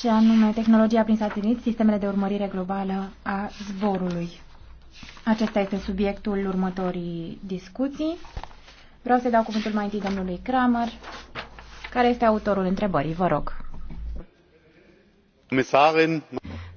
și anume tehnologia prin satelit, sistemele de urmărire globală a zborului. Acesta este subiectul următorii discuții. Vreau să dau cuvântul mai întâi domnului Kramer, care este autorul întrebării. Vă rog. Comisarin,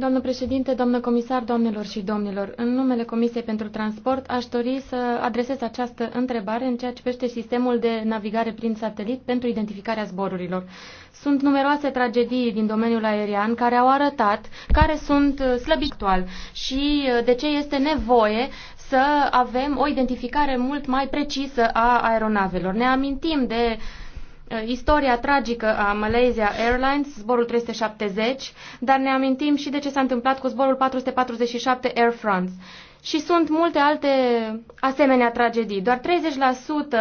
Doamnă președinte, doamnă comisar, doamnelor și domnilor, în numele Comisiei pentru Transport aș dori să adresez această întrebare în ceea ce privește sistemul de navigare prin satelit pentru identificarea zborurilor. Sunt numeroase tragedii din domeniul aerian care au arătat care sunt uh, slăbi actual și uh, de ce este nevoie să avem o identificare mult mai precisă a aeronavelor. Ne amintim de Eh, istoria tragică a Malaysia Airlines, zborul 370, dar ne amintim și de ce s-a întâmplat cu zborul 447 Air France și sunt multe alte asemenea tragedii. Doar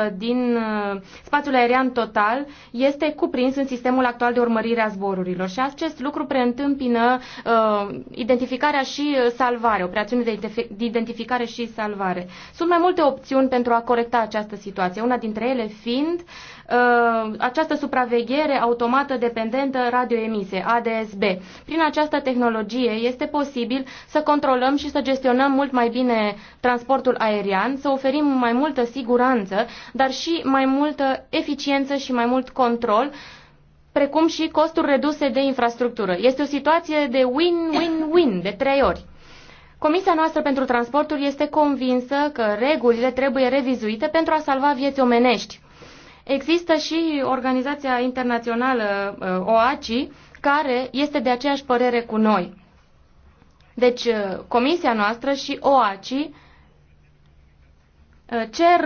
30% din uh, spațiul aerian total este cuprins în sistemul actual de urmărire a zborurilor și acest lucru preîntâmpină uh, identificarea și uh, salvare, operațiuni de identificare și salvare. Sunt mai multe opțiuni pentru a corecta această situație, una dintre ele fiind uh, această supraveghere automată dependentă radioemise, ADSB. Prin această tehnologie este posibil să controlăm și să gestionăm mult mai mai bine transportul aerian, să oferim mai multă siguranță, dar și mai multă eficiență și mai mult control, precum și costuri reduse de infrastructură. Este o situație de win-win-win, de trei ori. Comisia noastră pentru transporturi este convinsă că regulile trebuie revizuite pentru a salva vieți omenești. Există și organizația internațională uh, OACI, care este de aceeași părere cu noi. Deci, uh, comisia noastră și OACI uh, cer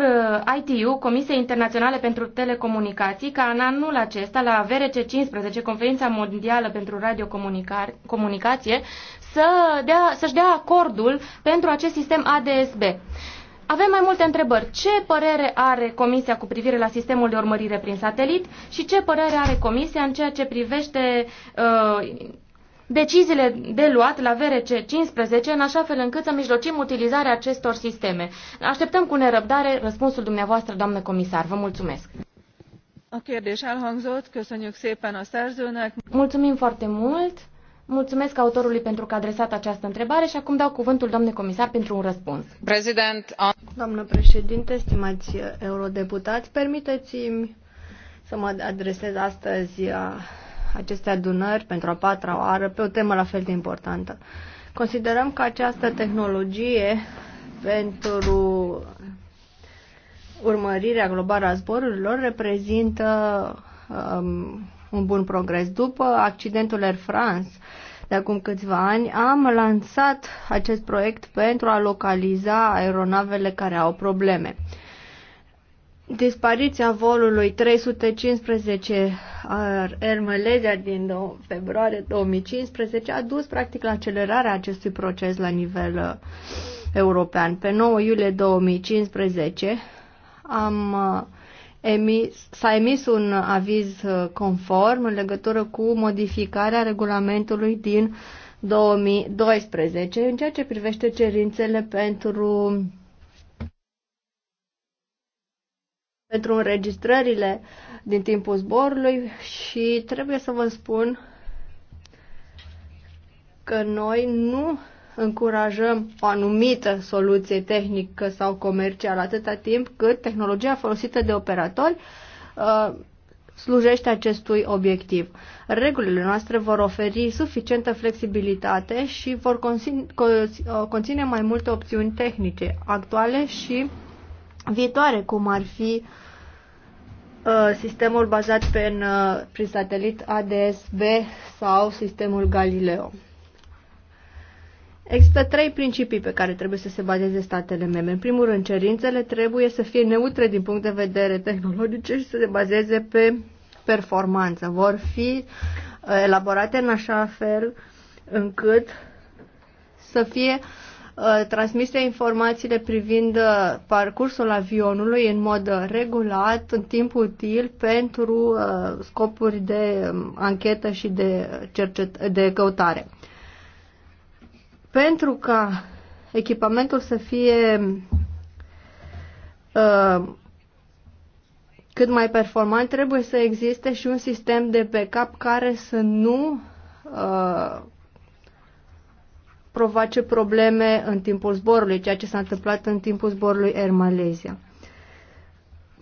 uh, ITU, Comisia Internațională pentru Telecomunicații, ca în anul acesta, la VRC15, Conferința Mondială pentru Radiocomunicație, să dea, să-și dea acordul pentru acest sistem ADSB. Avem mai multe întrebări. Ce părere are Comisia cu privire la sistemul de urmărire prin satelit și ce părere are Comisia în ceea ce privește uh, deciziile de luat la VRC 15 în așa fel încât să mijlocim utilizarea acestor sisteme. Așteptăm cu nerăbdare răspunsul dumneavoastră, doamnă comisar. Vă mulțumesc! A kérdés elhangzott, köszönjük szépen a szerzőnek. Mulțumim foarte mult, mulțumesc autorului pentru că a adresat această întrebare și acum dau cuvântul domnului comisar pentru un răspuns. President, on... Doamnă președinte, stimați eurodeputați, permiteți-mi să mă adresez astăzi aceste adunări pentru a patra oară pe o temă la fel de importantă. Considerăm că această tehnologie pentru urmărirea globală a zborurilor reprezintă um, un bun progres. După accidentul Air France de acum câțiva ani, am lansat acest proiect pentru a localiza aeronavele care au probleme dispariția volului 315 Air Malaysia din februarie 2015 a dus practic la accelerarea acestui proces la nivel uh, european. Pe 9 iulie 2015 am uh, emis, s-a emis un aviz uh, conform în legătură cu modificarea regulamentului din 2012 în ceea ce privește cerințele pentru pentru înregistrările din timpul zborului și trebuie să vă spun că noi nu încurajăm o anumită soluție tehnică sau comercială atâta timp cât tehnologia folosită de operatori uh, slujește acestui obiectiv. Regulile noastre vor oferi suficientă flexibilitate și vor conține, uh, conține mai multe opțiuni tehnice actuale și viitoare, cum ar fi uh, Uh, sistemul bazat pe în, uh, prin satelit ADS-B sau sistemul Galileo. Există trei principii pe care trebuie să se bazeze statele membre. În primul rând, cerințele trebuie să fie neutre din punct de vedere tehnologic și să se bazeze pe performanță. Vor fi uh, elaborate în așa fel încât să fie uh, Uh, transmite informațiile privind uh, parcursul avionului în mod uh, regulat, în timp util, pentru scopuri de um, anchetă și de, cercet- de căutare. Pentru ca echipamentul să fie uh, cât mai performant, trebuie să existe și un sistem de backup care să nu uh, provoace probleme în timpul zborului, ceea ce s-a întâmplat în timpul zborului Air Malaysia.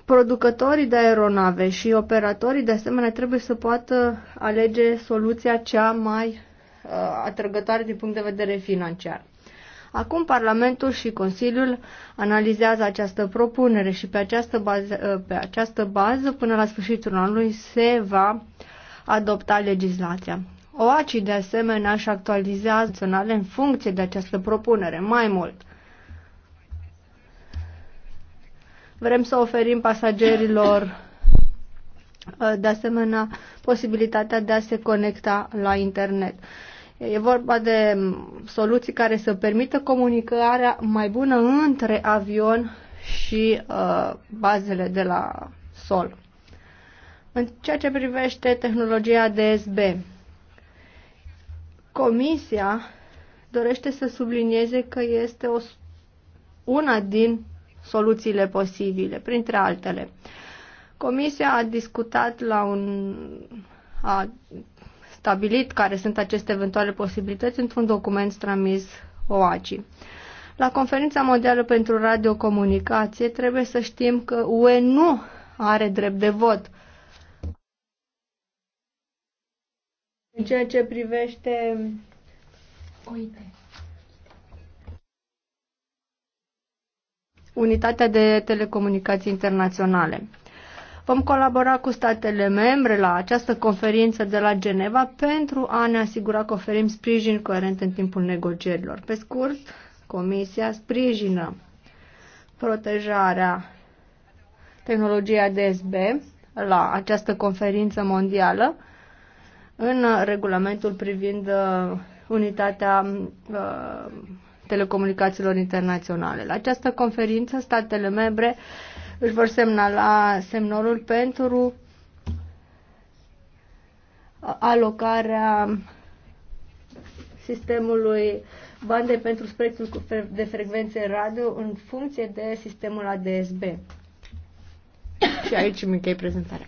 Producătorii de aeronave și operatorii de asemenea trebuie să poată alege soluția cea mai uh, atrăgătoare din punct de vedere financiar. Acum Parlamentul și Consiliul analizează această propunere și pe această bază, uh, pe această bază până la sfârșitul anului se va adopta legislația. OACI de asemenea își actualizează naționale în funcție de această propunere. Mai mult, vrem să oferim pasagerilor uh, de asemenea posibilitatea de a se conecta la internet. E vorba de um, soluții care să permită comunicarea mai bună între avion și uh, bazele de la sol. În ceea ce privește tehnologia DSB, Comisia dorește să sublinieze că este o, una din soluțiile posibile, printre altele. Comisia a discutat la un. a stabilit care sunt aceste eventuale posibilități într-un document stramis OACI. La conferința mondială pentru radiocomunicație trebuie să știm că UE nu are drept de vot În ceea ce privește... Uite. Unitatea de Telecomunicații Internaționale. Vom colabora cu statele membre la această conferință de la Geneva pentru a ne asigura că oferim sprijin coerent în timpul negocierilor. Pe scurt, Comisia sprijină protejarea tehnologiei ADSB la această conferință mondială în regulamentul privind uh, unitatea uh, telecomunicațiilor internaționale. La această conferință, statele membre își vor la semnorul pentru alocarea sistemului bande pentru spectrul de frecvențe radio în funcție de sistemul ADSB. Și aici îmi închei prezentarea.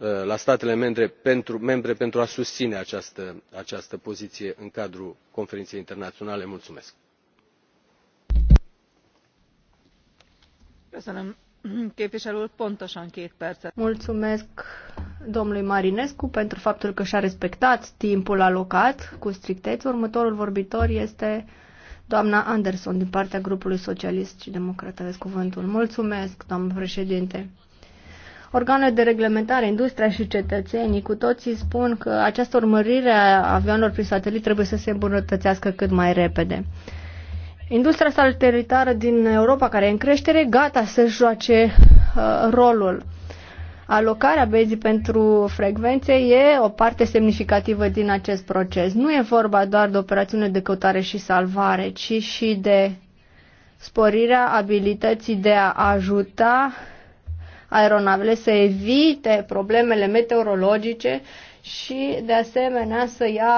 Uh, la statele membre pentru a susține această poziție în cadrul conferinței internaționale. mulțumesc. mulțumesc domnului marinescu pentru faptul că și a respectat timpul alocat cu strictețe. următorul vorbitor este doamna anderson din partea grupului socialist și democrat. aveți cuvântul. mulțumesc doamnă președinte. Organele de reglementare, industria și cetățenii cu toții spun că această urmărire a avioanelor prin satelit trebuie să se îmbunătățească cât mai repede. Industria satelitară din Europa, care e în creștere, gata să joace uh, rolul. Alocarea bezii pentru frecvențe e o parte semnificativă din acest proces. Nu e vorba doar de operațiune de căutare și salvare, ci și de sporirea abilității de a ajuta aeronavele, să evite problemele meteorologice și, de asemenea, să ia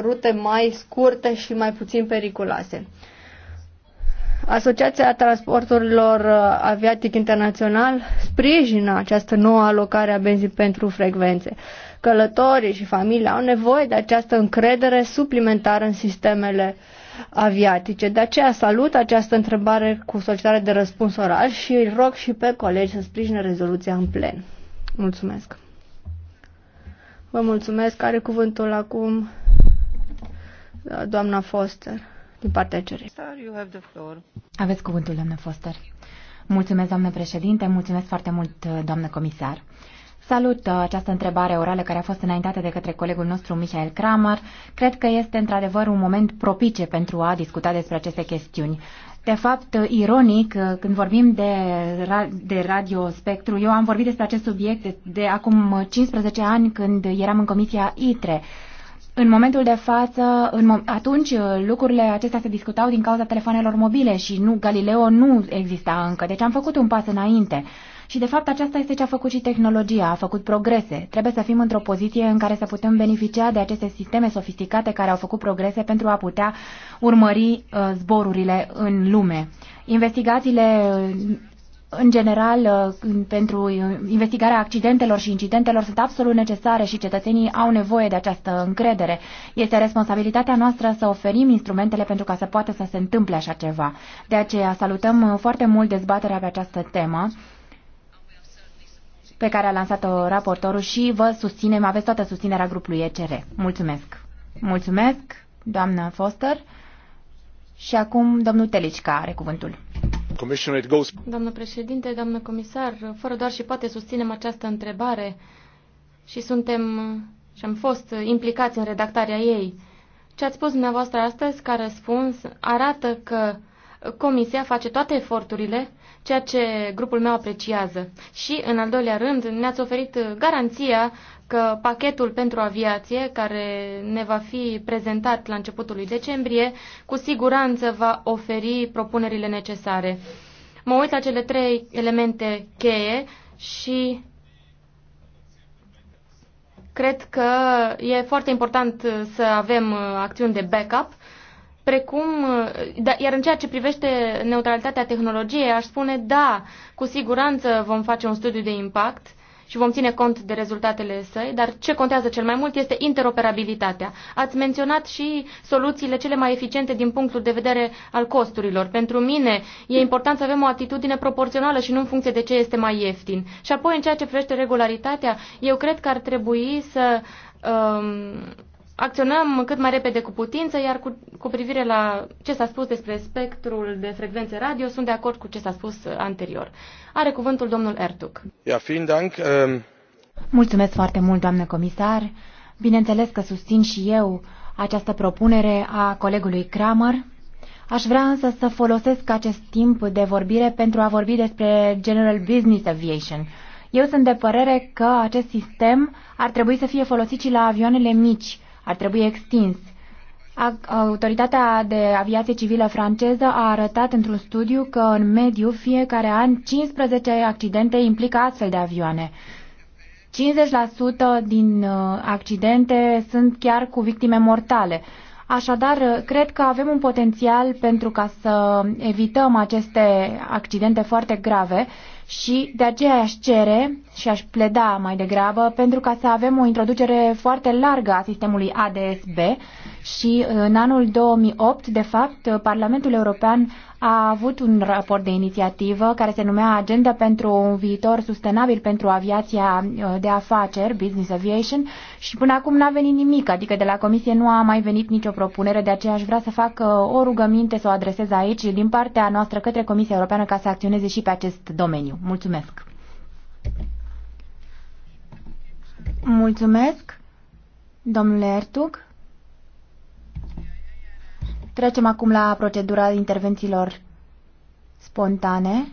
rute mai scurte și mai puțin periculoase. Asociația Transporturilor Aviatic Internațional sprijină această nouă alocare a benzii pentru frecvențe. Călătorii și familia au nevoie de această încredere suplimentară în sistemele uh, aviatice. De aceea salut această întrebare cu solicitare de răspuns oral și îi rog și pe colegi să sprijine rezoluția în plen. Mulțumesc. Vă mulțumesc. Are cuvântul acum uh, doamna Foster din partea cerii. Aveți cuvântul, doamna Foster. Mulțumesc, doamnă președinte, mulțumesc foarte mult, uh, doamnă comisar. Salut uh, această întrebare orală care a fost înaintată de către colegul nostru Michael Kramer. Cred că este într-adevăr un moment propice pentru a discuta despre aceste chestiuni. De fapt, uh, ironic, uh, când vorbim de, de Radio Spectru, eu am vorbit despre acest subiect de, de acum 15 ani când eram în Comisia ITRE. În momentul de față, în, atunci lucrurile acestea se discutau din cauza telefonelor mobile și nu Galileo nu exista încă, deci am făcut un pas înainte. Uh, și de fapt aceasta este ce a făcut și tehnologia, a făcut progrese. Trebuie să fim într-o poziție în care să putem beneficia de aceste sisteme sofisticate care au făcut progrese pentru a putea urmări uh, zborurile în lume. Investigațiile uh, în general, uh, pentru investigarea accidentelor și incidentelor sunt absolut necesare și cetățenii au nevoie de această încredere. Este responsabilitatea noastră să oferim instrumentele pentru ca să poată să se întâmple așa ceva. De aceea salutăm foarte mult dezbaterea pe această temă pe care a lansat-o raportorul și vă susținem, aveți toată susținerea grupului ECR. Mulțumesc! Mulțumesc, doamnă Foster. Și acum domnul Telicica are cuvântul. Doamnă președinte, doamnă comisar, fără doar și poate susținem această întrebare și suntem și am fost implicați în redactarea ei. Ce ați spus dumneavoastră astăzi ca răspuns arată că Comisia face toate eforturile, ceea ce grupul meu apreciază. Și, în al doilea rând, ne-ați oferit garanția că pachetul pentru aviație, care ne va fi prezentat la începutul lui decembrie, cu siguranță va oferi propunerile necesare. Mă uit la cele trei elemente cheie și cred că e foarte important să avem acțiuni de backup, precum, uh, da, iar în ceea ce privește neutralitatea tehnologiei, aș spune da, cu siguranță vom face un studiu de impact și vom ține cont de rezultatele săi, dar ce contează cel mai mult este interoperabilitatea. Ați menționat și soluțiile cele mai eficiente din punctul de vedere al costurilor. Pentru mine e important să avem o atitudine proporțională și nu în funcție de ce este mai ieftin. Și apoi, în ceea ce privește regularitatea, eu cred că ar trebui să um, acționăm cât mai repede cu putință, iar cu, cu privire la ce s-a spus despre spectrul de frecvențe radio, sunt de acord cu ce s-a spus anterior. Are cuvântul domnul Ertuc. Ja, vielen Dank. Um... Mulțumesc foarte mult, doamnă comisar. Bineînțeles că susțin și eu această propunere a colegului Kramer. Aș vrea însă să folosesc acest timp de vorbire pentru a vorbi despre General Business Aviation. Eu sunt de părere că acest sistem ar trebui să fie folosit și la avioanele mici, ar trebui extins. Autoritatea de aviație civilă franceză a arătat într-un studiu că în mediu fiecare an 15 accidente implică astfel de avioane. 50% din uh, accidente sunt chiar cu victime mortale. Așadar, cred că avem un potențial pentru ca să evităm aceste accidente foarte grave și de aceea aș cere și aș pleda mai degrabă pentru ca să avem o introducere foarte largă a sistemului ADSB și uh, în anul 2008, de fapt, uh, Parlamentul European a avut un raport de inițiativă care se numea Agenda pentru un viitor sustenabil pentru aviația uh, de afaceri, Business Aviation, și până acum n-a venit nimic, adică de la Comisie nu a mai venit nicio propunere, de aceea aș vrea să fac o rugăminte să o adresez aici din partea noastră către Comisia Europeană ca să acționeze și pe acest domeniu. Mulțumesc! Mulțumesc, domnule Ertug. Trecem acum la procedura intervențiilor spontane.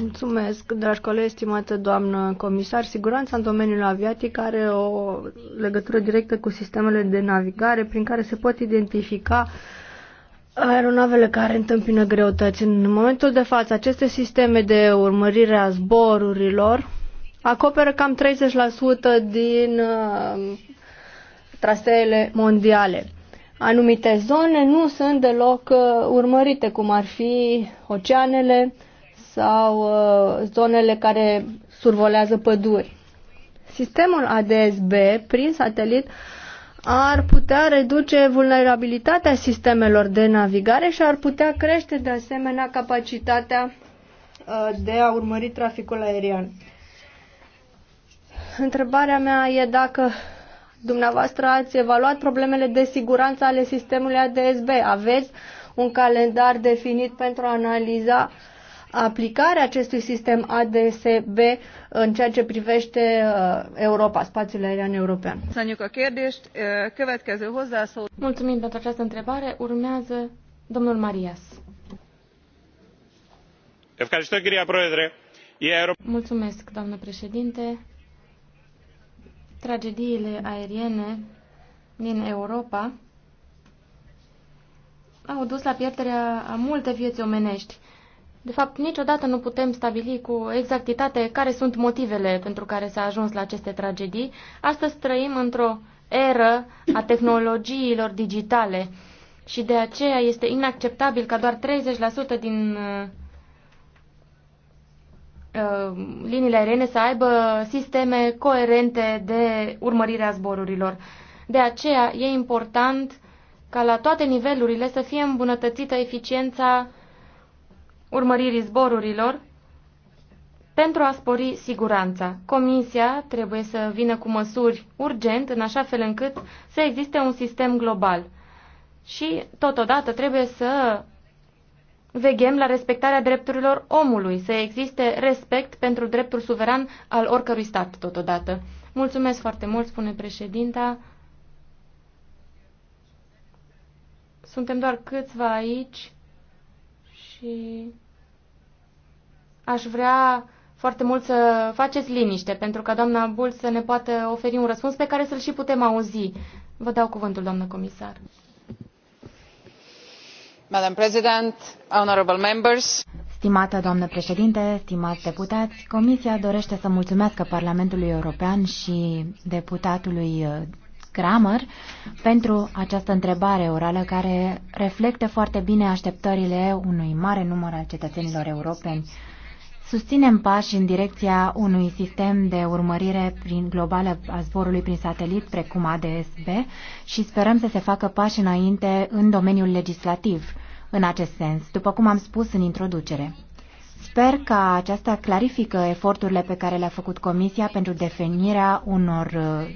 Mulțumesc, dragi colegi, estimată doamnă comisar. Siguranța în domeniul aviatic are o legătură directă cu sistemele de navigare prin care se pot identifica aeronavele care întâmpină greutăți. În momentul de față, aceste sisteme de urmărire a zborurilor acoperă cam 30% din uh, traseele mondiale. Anumite zone nu sunt deloc uh, urmărite, cum ar fi oceanele sau uh, zonele care survolează păduri. Sistemul ADSB prin satelit ar putea reduce vulnerabilitatea sistemelor de navigare și ar putea crește de asemenea capacitatea de a urmări traficul aerian întrebarea mea e dacă dumneavoastră ați evaluat problemele de siguranță ale sistemului ADSB. Aveți un calendar definit pentru a analiza aplicarea acestui sistem ADSB în ceea ce privește uh, Europa, spațiul aerian european. Uh, Mulțumim pentru această întrebare. Urmează domnul Marias. Mulțumesc, doamnă președinte. Tragediile aeriene din Europa au dus la pierderea a multe vieți omenești. De fapt, niciodată nu putem stabili cu exactitate care sunt motivele pentru care s-a ajuns la aceste tragedii. Astăzi trăim într-o eră a tehnologiilor digitale și de aceea este inacceptabil ca doar 30% din uh, Uh, liniile aeriene să aibă sisteme coerente de urmărire a zborurilor. De aceea e important ca la toate nivelurile să fie îmbunătățită eficiența urmăririi zborurilor pentru a spori siguranța. Comisia trebuie să vină cu măsuri urgent în așa fel încât să existe un sistem global. Și totodată trebuie să veghem la respectarea drepturilor omului, să existe respect pentru dreptul suveran al oricărui stat totodată. Mulțumesc foarte mult, spune președinta. Suntem doar câțiva aici și aș vrea foarte mult să faceți liniște, pentru ca doamna Bul să ne poată oferi un răspuns pe care să-l și putem auzi. Vă dau cuvântul, doamnă comisar. Stimată doamnă președinte, stimați deputați, Comisia dorește să mulțumească Parlamentului European și deputatului uh, Kramer pentru această întrebare orală care reflectă foarte bine așteptările unui mare număr al cetățenilor europeni. Susținem pași în direcția unui sistem de urmărire prin globală a zborului prin satelit, precum ADSB, și sperăm să se facă pași înainte în domeniul legislativ în acest sens, după cum am spus în introducere. Sper că aceasta clarifică eforturile pe care le-a făcut Comisia pentru definirea unor uh,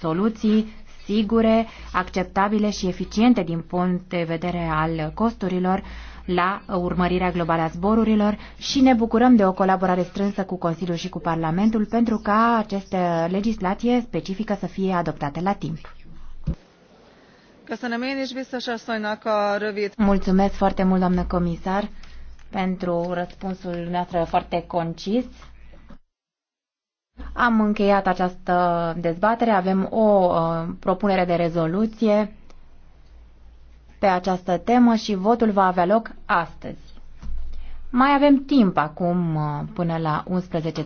soluții sigure, acceptabile și eficiente din punct de vedere al costurilor la urmărirea globală a zborurilor și ne bucurăm de o colaborare strânsă cu Consiliul și cu Parlamentul pentru ca această legislație specifică să fie adoptată la timp. Mulțumesc foarte mult, doamnă comisar, pentru răspunsul dumneavoastră foarte concis. Am încheiat această dezbatere, avem o uh, propunere de rezoluție pe această temă și votul va avea loc astăzi. Mai avem timp acum uh, până la 11.30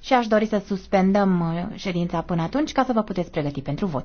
și aș dori să suspendăm uh, ședința până atunci ca să vă puteți pregăti pentru vot.